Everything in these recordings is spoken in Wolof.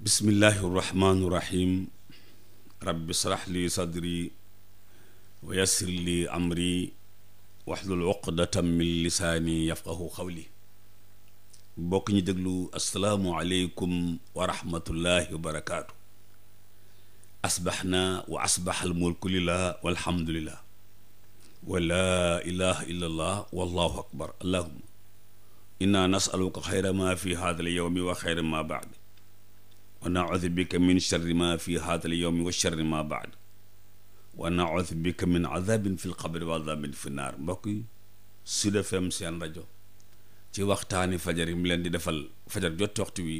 bismillahi irrahmaani irrahim rabbi srax li sadri wa yassir li amri waxlul uqdatan min lisaani yafqahu xawli bokk ñu déglu asalaamualeykum wa rahmatullahi wa barakaatu asbaxna wa asbax almulku lillah walhamdulillah wa laa ilaha illa allah wallahu akbar allahuma inna nasaluka xayra ma fi hada al yowmi wa xayra ma baad wa naudu bika min sharri ma fi haada al yowmi wa sharri ma baad wa naudu bika min adabin fi lqabri wa adabin fi naar mbokk yi Sud FM seen rajo ci waxtaani fajar yi leen di defal fajar jot waxtu wi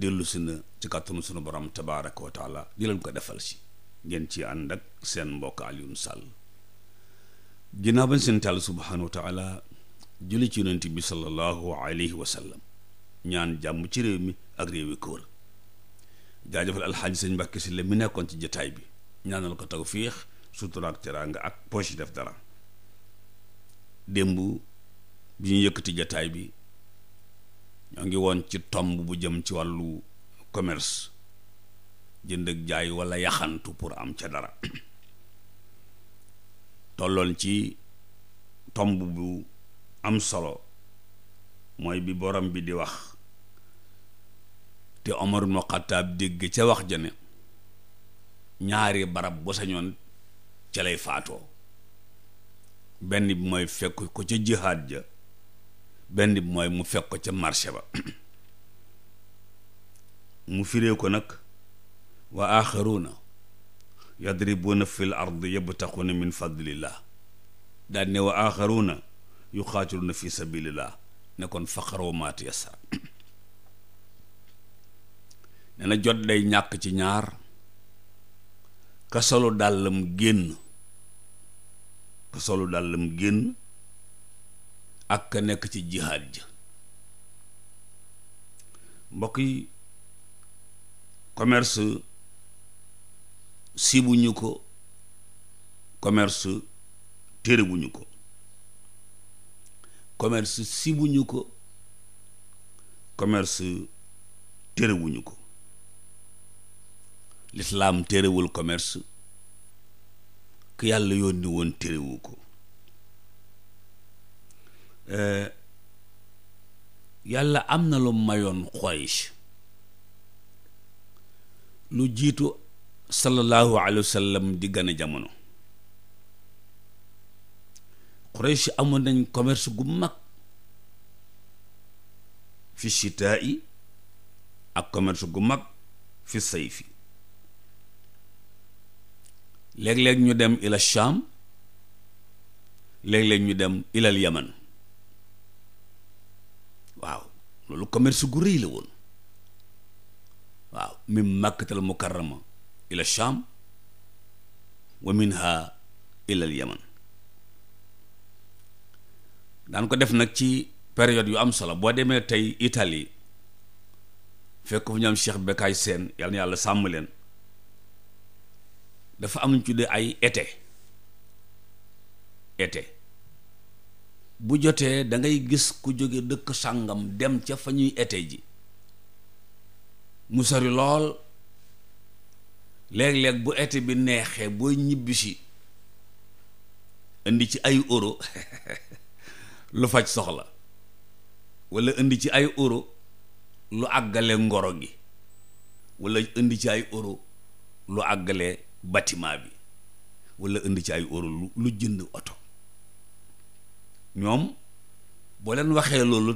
dellu si na ci kàttanu sunu borom tabaaraka wa taala ko defal si ngeen ci ànd ak seen mbokk Alioune Sall ginnaaw bañ seen tàll subhaanahu wa taala julli ci yonent bi sallallahu alayhi wa ñaan jàmm ci réew mi ak réew yi ko jaajëfal alxaaji sëñ Mbàkke si la mi nekkoon ci jataay bi ñaanal ko tawfiix sutura ak teraanga ak poche def dara démb bi ñu yëkkati jataay bi ñoo ngi woon ci tomb bu jëm ci wàllu commerce jënd ak jaay walla yaxantu pour am ca dara tolloon ci tomb bu am solo mooy bi borom bi di wax te Omar ibn Khattab dégg ca wax ja ne ñaari barab bu sañoon ca lay faatoo benn bi mooy fekk ko ca jihaad ja benn bi mooy mu fekk ko ca marché ba mu firee ko nag wa axaruuna yadribuuna fi l ardi yabtaxuuna min fadlillah daal ne wa axaruuna yuqaatiluuna fi sabilillah ne kon faqaroo maa tayassara nee na jot day ñàkk ci ñaar ka solu mu génn ka solu mu génn ak ka nekk ci jihaad ja mbokk yi commerce sibuñu ko commerce téerewuñu ko commerce sibuñu ko commerce téerewuñu ko lislaam téerewul commerce ku yàlla yónni woon terewu ko euh, yàlla am na lu mayoon Quraysh lu jiitu sallallahu alayhi wa sallam di gën jamono Quraysh amoon nañ commerce gu mag fi chitaa ak commerce gu mag fi sayfi léeg-léeg ñu dem ila Sham léeg-léeg ñu dem ilal yeman waaw loolu commerce gu rëy la woon waaw min Makkatal Mukarrama ila Sham wa minha ilal Yaman daan ko def nag ci période yu am solo boo demee tey Italie fekk fu ñu am Cheikh Bekkaay Seen yàlla yàlla sàmm leen dafa am ñu ay été ete bu jotee dangay gis ku jóge dëkk sàngam dem ca fa ñuy été ji mu sori lool léeg-léeg bu ete bi neexee booy ñibbisi indi ci ay euro lu faj soxla wala indi ci ay euro lu àggale ngoro gi wala indi ci ay euro lu àggale bâtiment bi walla indi ci ay euro lu jënd oto ñoom boo leen waxee loolu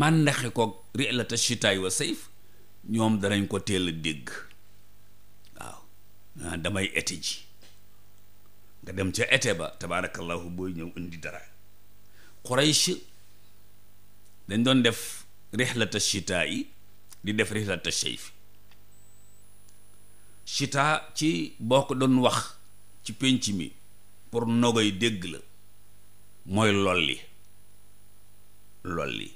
màndaxe koog rilata shitaay wa sayf ñoom darañ ko teel a dégg waaw ah damay été ji nga dem ca été ba tabaarakallahu booy ñëw indi dara Quraysh dañ doon def rihlata shitaa'i di def rihlata sayf chita ci boo ko doon wax ci pénc mi pour nogoy dégg la mooy lolli lolli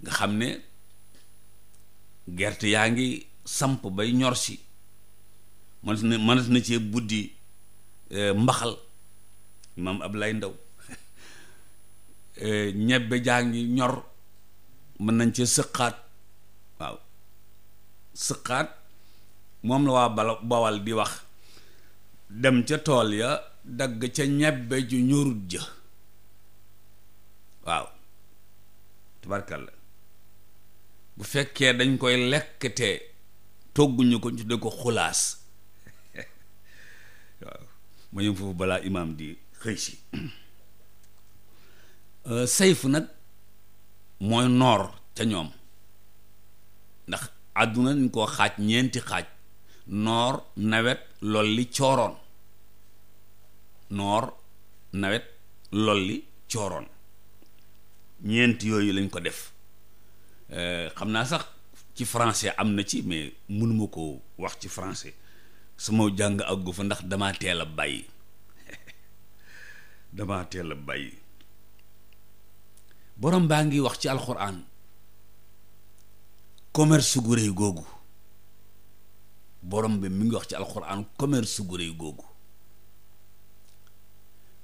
nga xam ne gerte yaa ngi samp bay ñor si mënat na mënat na cee buddi eh, mbaxal imaam lay Ndaw eh, ñebbe jaa ngi ñor mën nañ cee sëqaat waaw sëqaat moom la waa bala bawal di wax dem ca tool ya dagg ca ñebbe ju ñorut ja waaw tubarkalla bu fekkee dañ koy lekk te togguñu ko ñu de ko xulaas waaw ma yëm foofu balaa imaam di xëy si euh, sayf nag mooy noor ca ñoom ndax àdduna dañ koo xaaj ñeenti xaaj noor nawet li cooroon noor nawet li cooroon ñeent yooyu lañ ko def euh, xam naa sax ci français am na ci mais mënuma ko wax ci français sama jàng ak fa ndax damaa teel a bàyyi damaa teel a bàyyi borom baa ngi wax ci alxuraan commerce gu rëy googu borom bi mi ngi wax ci alxuraan commerce gu réy googu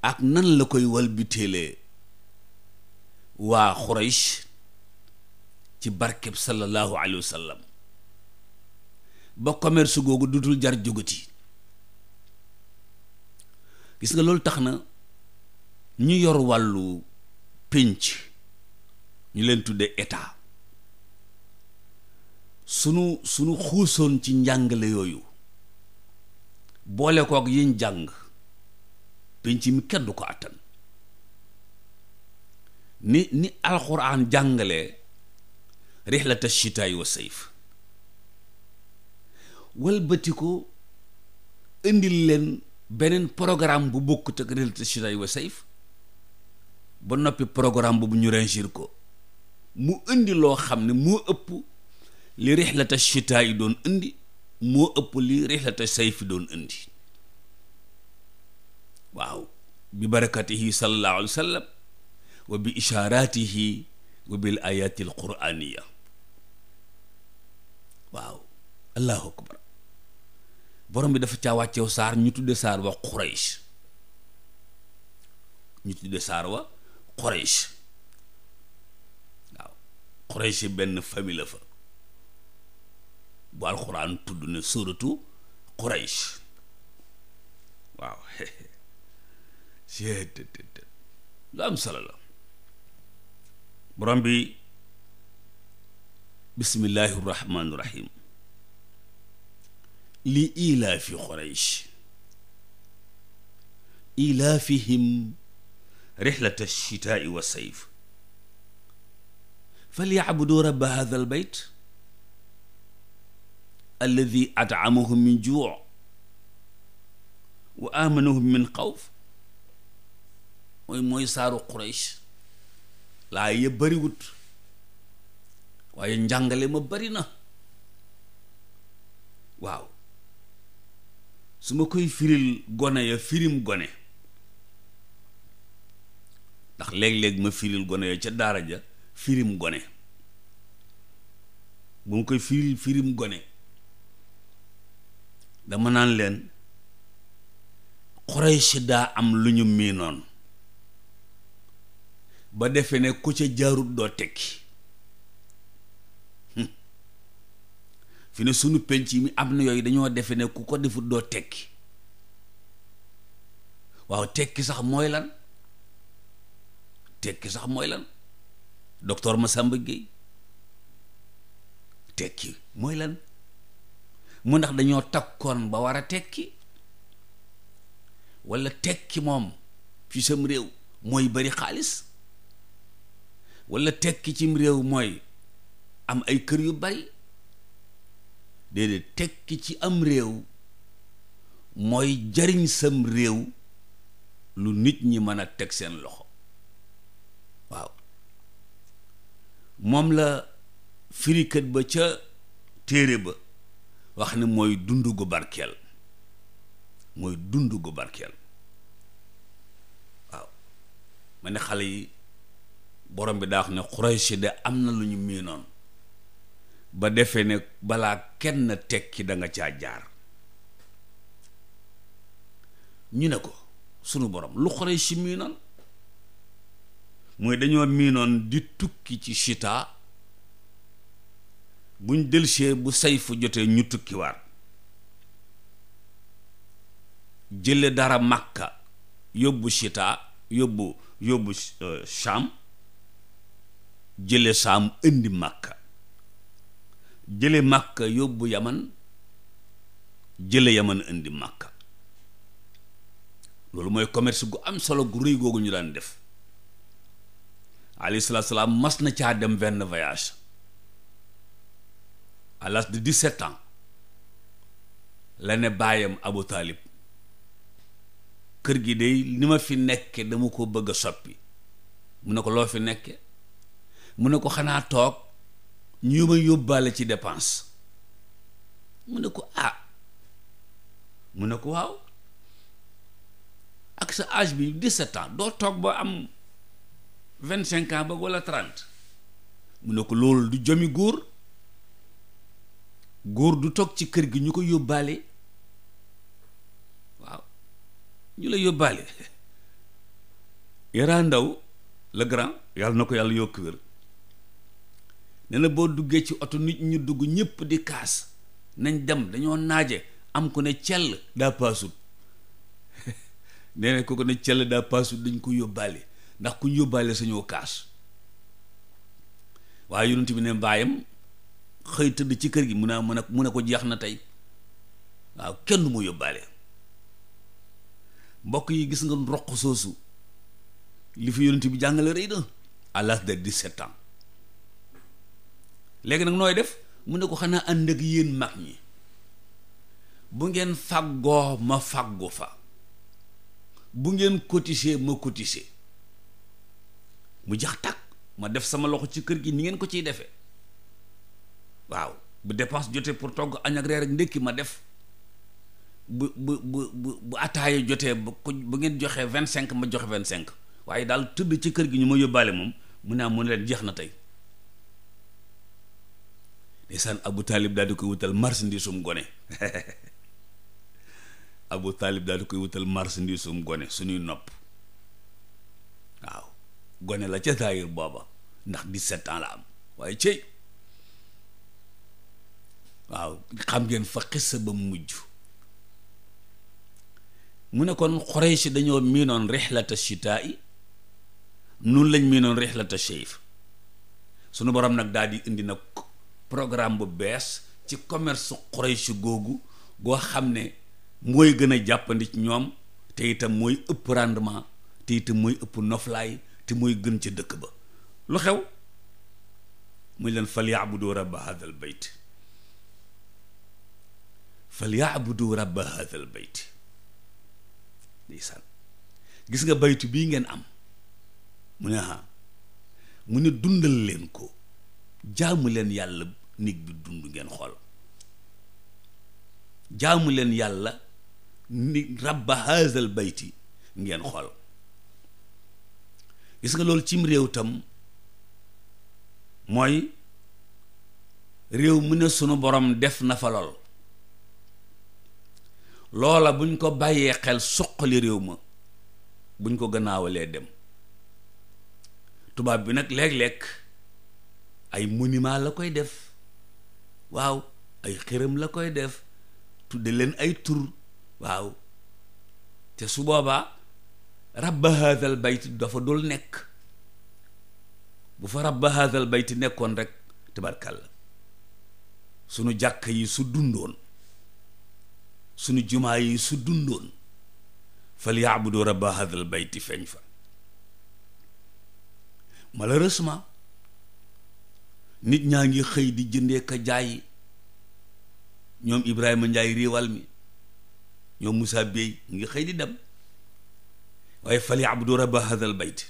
ak nan la koy wal bi waa Quraysh ci barkeb sallallahu alayhi wa sallam ba commerce googu dutul jar jógati gis nga loolu tax na ñu yor wàllu pénc ñu leen tuddee état sunu sunu xuusoon ci njàngale yooyu boole kook yiñ jàng penc mi kenn du ko àttan ni ni alxuraan jàngale rixlata chitaay wa sayf walbati ko indil leen beneen programme bu bokkut ak rixlata chitaay wa sayf ba noppi programme bu ñu rengir ko mu indi loo xam ne moo ëpp li rixlata chitaa yi doon indi moo ëpp li rixlata sayfi doon indi waaw bi barakatihi sallallahu alayhi wa bi ishaaratihi wa bil ayaati al waaw allahu akbar borom bi dafa caa wàccew saar ñu tudde saar wa Quraysh ñu tudde saar wa Quraysh waaw Quraysh benn famille fa bu alxuraan tudd na suuratu Quraysh waaw lu am solo la borom bi bismillahi rahmaani rahim li ilaafi Quraysh ilaafihim rixlata chitaai wa sayf falyacbudu rabba haadha albayt alladi atamahum min juu wa amanahum min xawf mooy mooy saaru Quraysh laa ya bariwut waaye njàngale ma bari na waaw su ma koy firil gone ya firim gone ndax léeg-léeg ma firil gone ya ca daara ja firim gone bu ma koy firil firim gone dama naan leen Quraysh daa am lu ñu miinoon ba defe ne ku ca jaarut doo tekki fi ne sunu penc mi am na yooyu dañoo defe ne ku ko defut doo tekki waaw tekki sax mooy lan tekki sax mooy lan docteur Massamba Gueye tekki mooy lan mu ndax dañoo takkoon ba war a tekki wala tekki moom ci sam réew mooy bari xaalis walla tekki cim réew mooy am ay kër yu bari déedéet tekki ci am réew mooy jariñ sam réew lu nit ñi mën a teg seen loxo waaw moom la firikat ba ca téere ba wax ne mooy dund gu barkeel mooy dund gu barkeel waaw ma ne xale yi borom bi daa wax ne Quraysh de am na lu ñu miinoon ba defee ne balaa kenn tekki danga nga caa jaar ñu ne ko sunu borom lu Quraysh miinoon mooy dañoo miinoon di tukki ci chita buñ dëlsee bu fu jotee ñu tukkiwaat jële dara màkka yóbbu chita yóbbu yóbbu sham euh, jële saam indi màkka jële màkka yóbbu yaman jële yaman indi màkka loolu mooy commerce gu am solo gu rëy googu ñu daan def alayhi salaatu salaam mas na caa dem benn voyage à l'âge de 17 ans la ne baayam Abu Taalib kër gi de ni ma fi nekke dama ko bëgg a soppi mu ne ko loo fi nekke mu ne ko xanaa toog ñu ma yóbbaale ci dépense mu ne ko ah mu ne ko ak sa bi 17 doo toog ba am 25 ans ba wala 30 mu ne ko loolu du jomi góor góor du toog ci kër gi ñu ko yóbbaale waaw ñu la yóbbaale Yara Ndaw le grand yàlla na ko yàlla yokk wér nee boo duggee ci oto nit ñu dugg ñëpp di kaas nañ dem dañoo naaje am ku ne cell daa paasut nee na ku ko ne cell daa paasut dañ ko yóbbaale ndax ku ñu yóbbaale sañoo kaas waaye yonent bi ne mbaayam xëy tëdd ci kër gi mun a mun a mun a ko jeex na tey waaw kenn du yóbbaale mbokk yi gis nga roq soosu li fi yonent bi jàngale rëy na à l'âge de 17 ans léegi nag nooy def mu ne ko xanaa ànd ak yéen mag ñi bu ngeen faggoo ma faggu fa bu ngeen cotiser ma cotiser mu jax tàkk ma def sama loxo ci kër gi ni ngeen ko ciy defee waaw bu dépense jotee pour togg añ ak reer ak ndékki ma def bu bu bu bu bu jotee bu ko bu ngeen joxee vingt cinq ma joxe vingt cinq waaye daal tëdd ci kër gi ñu ma yóbbaale moom mu ne ah, mu ne leen jeex na tey ndeysaan Abu Taalib daal di koy wutal marchandisum gone Abu Taalib daal di koy wutal marchandisum gone suñuy nopp waaw gone la ca taayir booba ndax dix-sept am waaye cey waaw xam ngeen fa xissa ba mu mujj mu ne kon Quraysh dañoo miinoon rixlata chitaa yi nun lañ miinoon rixlata cheyf sunu borom nag daal di indi nag programme bu bees ci commerce Quraysh googu goo xam ne mooy gën a jàppandi ci ñoom te itam mooy ëpp rendement te itam mooy ëpp noflaay te mooy gën ca dëkk ba lu xew muy leen fal yaabudu rabba hadal bayt fal yaabudu rabba haadal bayt ndeysaan gis nga baytu bii ngeen am mu ne ah mu ne dundal leen ko jaamu leen yàlla néeg bi dund ngeen xool jaamu leen yàlla ni rabba haazal bayti ngeen xol gis nga loolu cim réew tam mooy réew mu ne sunu borom def na fa lool loola buñ ko bàyyee xel suqali réew ma buñ ko gannaawalee dem tubaab bi nag léeg lekk ay monument la koy def waaw ay xërëm la koy def tudde leen ay tur waaw te su boobaa rabba haazal bayt dafa dul nekk bu fa rabba haazal bayt nekkoon rek tabarkàlla sunu jàkk yi su dundoon suñu jumaa yi su dundoon falyaabudu rabba hadal bayti feeñ fa malheureusement nit ñaa ngi xëy di jëndee ka jaay ñoom Ibrahima Njaay réewal mi ñoom Moussa Bey ngi xëy di dem waaye falyaabudu rabba hadal bayti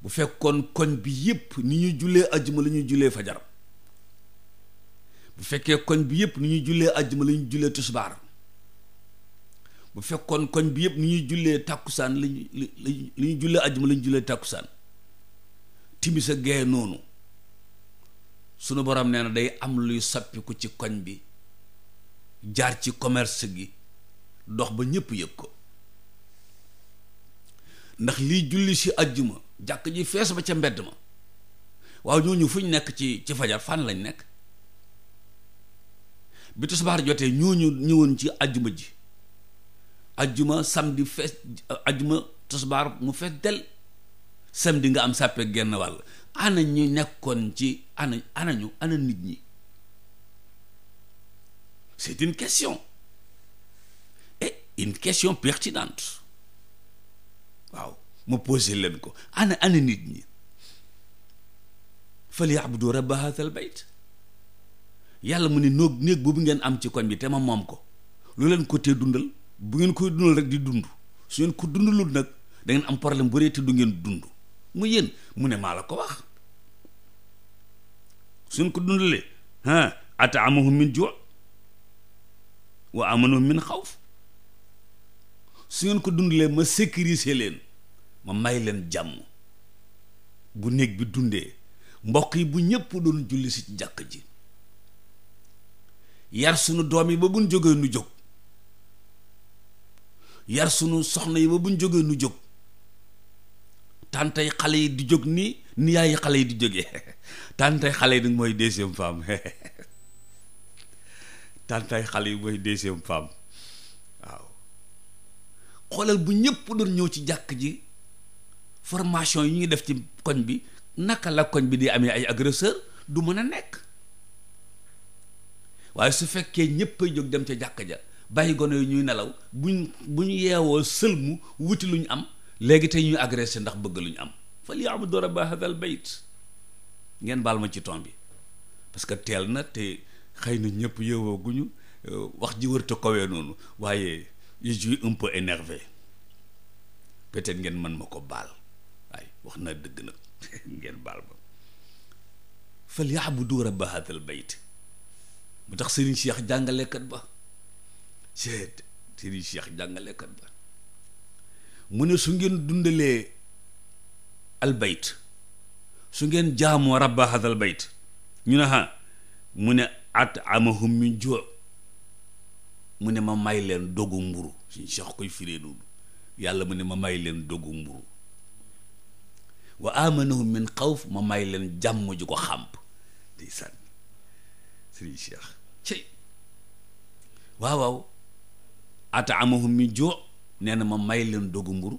bu fekkoon koñ bi yépp ni ñu jullee ajuma la ñu jullee fajar bu fekkee koñ bi yëpp ni ñuy jullee àjjuma la ñuy jullee tisbaar bu fekkoon koñ bi yëpp ni ñuy jullee tàkkusaan lañu li ñuy jullee àjjuma la ñuy jullee tàkkusaan timis a noonu sunu borom nee na day am luy sappiku ci koñ bi jaar ci commerce gi dox ba ñëpp yëg ko ndax liy julli si àjjuma jàkk ji fees ba ca mbedd ma waaw ñooñu fu ñu nekk ci ci fajar fan lañ nekk bi tisbaar jotee ñooñu ñëwoon ci ajjuma ji ajjuma samedi fees ajjuma tisbaar mu fees del samedi nga am sàppe genn wàll ana ñu nekkoon ci ana ana ñu ana nit ñi c'est une question une question pertinente waaw ma posé leen ko ana ana nit ñi fal ya'budu rabba haadhal bayt yàlla mu ne noog néeg boobu ngeen am ci koñ bi te ma moom ko lu leen ko tee dundal bu ngeen koy dundal rek di dund su ngeen ko dund lu nag dangeen am problème bu rëy te du ngeen dund mu yéen mu ne maa la ko wax su ngeen ko dundalee ah at'amahum min ju' wa amanahum su ngeen ko dundalee ma sécuriser leen ma may leen jàmm bu néeg bi dundee mbokk yi bu ñëpp doon julli si jàkk ji yar sunu doom yi ba buñ jógee nu jóg yar sunu soxna yi ba buñ jógee nu jóg tàntay xale yi di jóg nii ni yi xale yi di jógee tàntay xale yi nag mooy deuxième femme tàntay xale yi mooy deuxième femme waaw xoolal bu ñëpp doon ñëw ci jàkk ji formation yi ñuy def ci koñ bi naka la koñ bi di amee ay agresseur du mën a nekk waaye su fekkee ñépp ay jóg dem ca jàkk ja bàyyi gone yu ñuy nelaw buñ bu ñu yeewoo sëlmu wuti lu ñu am léegi tey ñuy agressé ndax bëgg lu ñu am fal ya'budu a hadal bayt ngeen baal ma ci ton bi parce que teel na te xëy na ñëpp yeewoo guñu euh, wax ji wërta kowee noonu waaye je suis un peu énervé peut-être ngeen mën ma ko baal waaye wax naa dëgg nag ngeen baal ma fal ya'budu rabba hadal bayt mu tax sëriñ Cheikh jàngalekat ba seet sëriñ Cheikh jàngalekat ba mu ne su ngeen dundalee albayt su ngeen jaamoo rabba hadal bayt ñu ne ha mu ne at amahum min joo mu ne ma may leen dogu mburu suñ Cheikh koy firee noonu yàlla mu ne ma may leen dogu mburu wa amanahum min xawf ma may leen jàmm ju ko xàmp ndeysaan Cheikh cey waaw waaw ataamahum min juu nee na ma may leen dogu mburu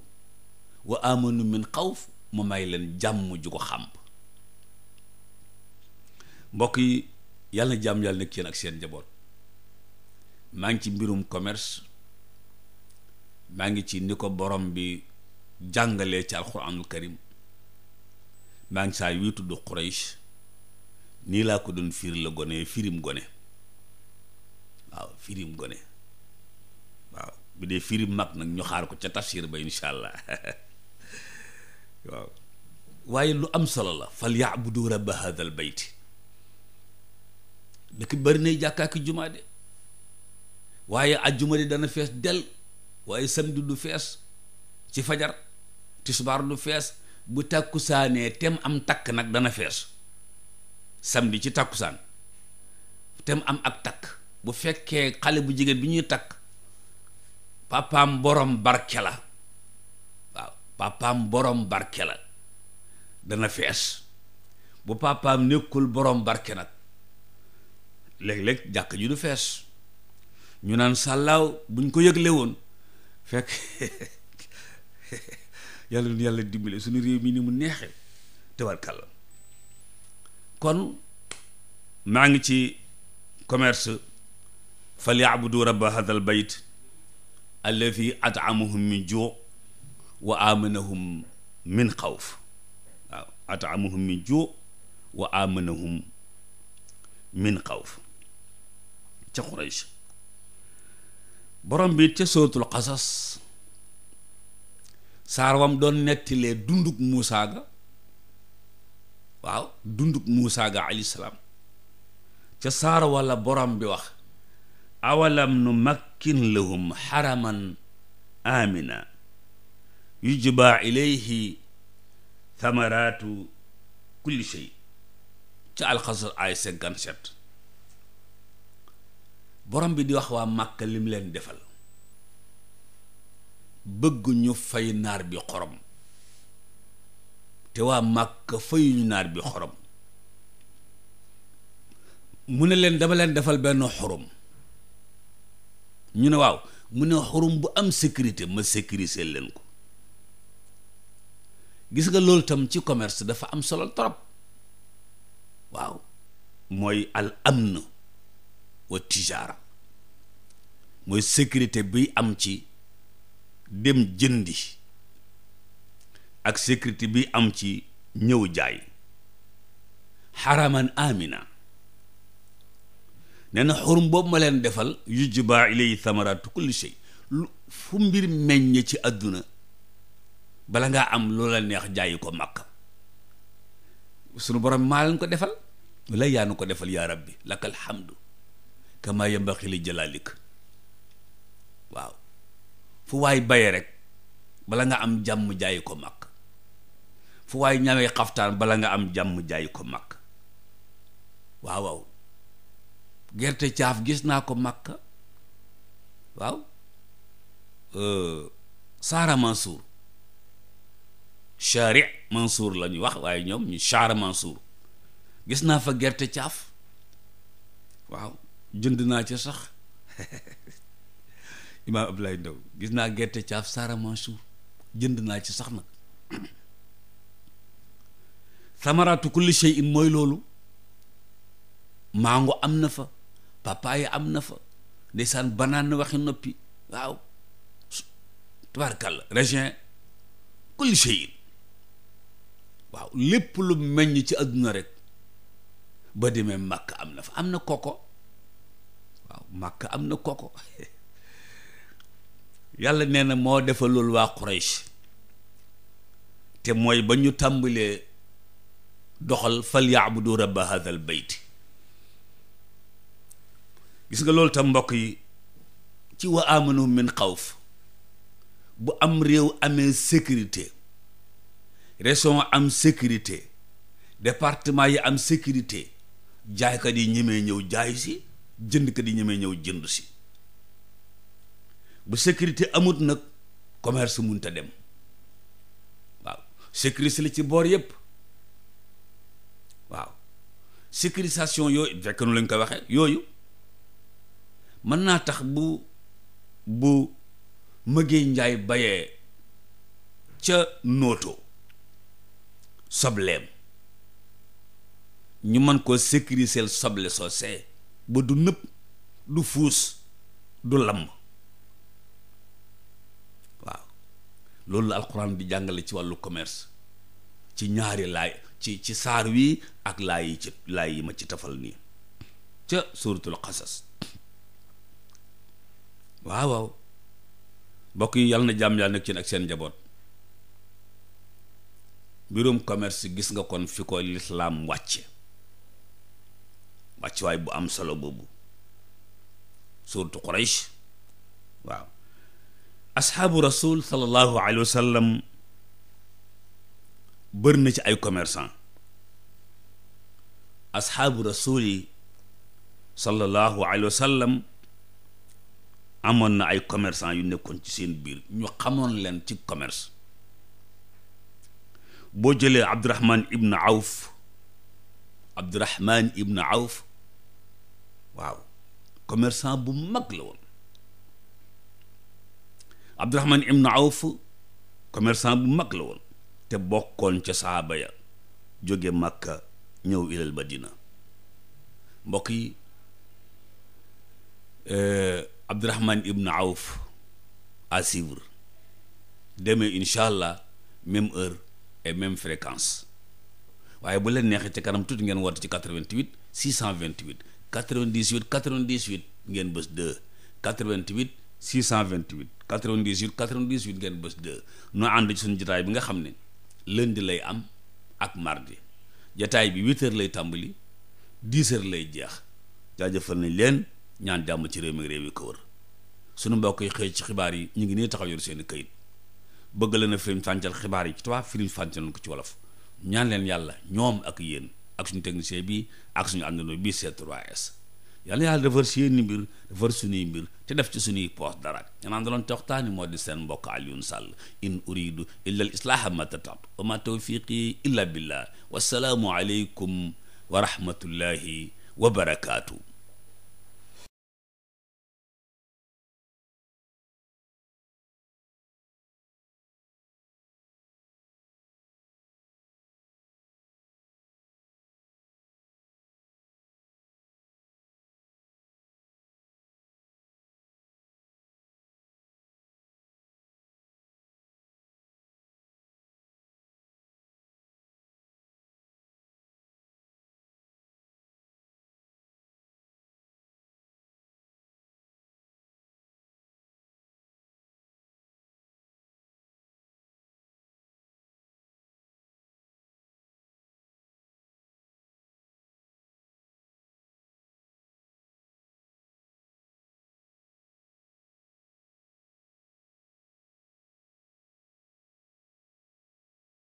wa amanu min xawf ma may leen jàmm ju ko xàmb mbokk yi yàlla na jàmm yàlla nekk yéen ak seen njaboot maa ngi ci mbirum commerce maa ngi ci ni ko borom bi jàngalee ci alxuraanul karim maa ngi saa yuy tudd Quraysh nii laa ko doon fiir la gone firim gone waaw firim gone waaw bu dee firim mag nag ñu xaar ko ca tafsir ba insha waaw waaye lu am solo la fal yaabudu rabba hadal bayti dëkk bari jàkkaaki jumaa de waaye ajjuma de dana fees del waaye samedi du fees ci fajar tisbaar du fees bu tàkkusaanee tem am takk nag dana fees samedi ci tàkkusaan tem am ak takk bu fekkee xale bu jigéen bi ñuy takk papaam borom barke la waaw papaam borom barke la dana fees bu papaam nekkul borom barke nag léeg-léeg jàkk ju du fees ñu naan sàllaaw buñ ko yëgle woon fekk yàlla nu yàlla dimbale suñu réew mi ni mu neexee tabarkàlla kon maa ngi ci commerce falyacbudu rabba hada al beyt alladi atamahum min juu wa min xawf waaw atamahum min juu ca Quraysh borom bi ca sooratul Qasas saar doon nettilee dundug Muusaa ga waaw dundug Muusaa ga alayhi salaam ca saar walla borom bi wax awalam nu makkin lahum xaraman amina yujba ilayhi thamaraatu kulli shay ci alxasr ay cinquante sept borom bi di wax waa màkk lim leen defal bëgg ñu fay naar bi xorom te waa màkk fayuñu naar bi xorom mu ne leen dama leen defal benn xorom ñu ne waaw mu ne xorom bu am sécurité ma sécuriser leen ko gis nga loolu tam ci commerce dafa am solo trop waaw mooy al amn wa tijaara mooy sécurité bi am ci dem jëndi ak sécurité bi am ci ñëw jaay xaraman amina nee na xurum boobu ma leen defal yujba ilayhi thamaratu kulli shay lu fu mbir meññ ci àdduna bala ngaa am loola neex jaayi ko makka sunu borom maa leen ko defal wala yaa nu ko defal yaa rabbi lakal hamdu kama yambaxi li jalalik waaw fu waay baye rek bala nga am jàmm jaayi ko makk fu waay xaftaan bala nga am jàmm jaayi ko makk waaw waaw gerte caaf gis naa ko Makka waaw euh, Saara Mansour Chari Mansour la ñu wax waaye ñoom ñu Saara Mansour gis naa fa gerte caaf waaw jënd naa ca sax Imaam lay Ndaw gis naa gerte caaf Saara Mansour jënd naa ci sax nag samaraatu kulli shay'in mooy loolu maango am na fa papaye am na fa ndeysaan banaan waxi noppi waaw tubaarkàlla raisin kulli shay'in waaw lépp lu meññ ci àdduna rek ba demee màkk am na fa am na koko waaw màkk am na koko yàlla nee na moo defal loolu waa Quraysh te mooy ba ñu tàmbalee doxal fal yaabudu rabba hadha al bayt gis nga loolu tam mbokk yi ci wa amanu min xawf bu am réew amee sécurité région am sécurité département yi am sécurité jaaykat yi ñemee ñëw jaayu si jëndkat yi ñemee ñëw jënd si bu sécurité amut nag commerce mun ta dem waaw sécurité la ci boor yépp waaw sécurisation yooyu fekk nu lañ ko waxee yooyu mën naa tax bu bu mëgee njaay bayee ca nooto sobleem ñu mën koo sécurisel soble soosee ba du nëpp du fuus du lamm waaw loolu la alxuraan di jàngale ci wàllu commerce ci ñaari laay ci ci saar wii ak laay yi ci laay yi ma ci tafal nii ca suuratul xasas waaw waaw mbokk yi yàlla na jàmm yàlla nekk ci ak seen njaboot mbirum commerce gis nga kon fi ko lislaam wàcce wàcc waay bu am solo boobu surtout Quraysh waaw asxaabu rasul sallallahu alayhi wa sallam bëri na ci ay commerçant asxaabu rasul yi sallallahu alayhi wa sallam amoon na ay commerçant yu nekkoon ci seen biir ñu xamoon leen ci commerce boo jëlee Abdurahman ibn Awf Abdurahman ibn Awf waaw commerçant bu mag la woon Abdurahman ibn Awf commerçant bu mag la woon te bokkoon ca saaba ya jóge Makka ñëw ilal Madina mbokk yi. Euh, Abdurahman ibn Awf à suivre demain incha allah même heure et même fréquence waaye bu leen neexee ci kanam tuuti ngeen woote ci 88 628 98 98 ngeen bës 2 88 628 98 98 ngeen bës 2 noo ànd ci suñu jotaay bi nga xam ne lundi lay am ak mardi jataay bi 8 lay tàmbali 10 heures lay jeex jaajëfal nañ leen. ñaan jàmm ci réew mi réew yi ko wër sunu mbokk yi xëy ci xibaar yi ñu ngi nii taxaw yor seen i bëgg leen a firim fàncal xibaar yi ci tubaab firim fàncal ko ci wolof ñaan leen yàlla ñoom ak yéen ak suñu technicien bi ak suñu àndandoo bi C3S yàlla yàlla defar seeni mbir defar suñuy mbir te def ci suñuy poos dara ña naan doon toxtaani moo di seen mbokk Alioune sal in uridu illa al islaaha ma tatatu wa ma tawfiqi illa billah wassalaamu aleykum wa rahmatullahi wa barakaatu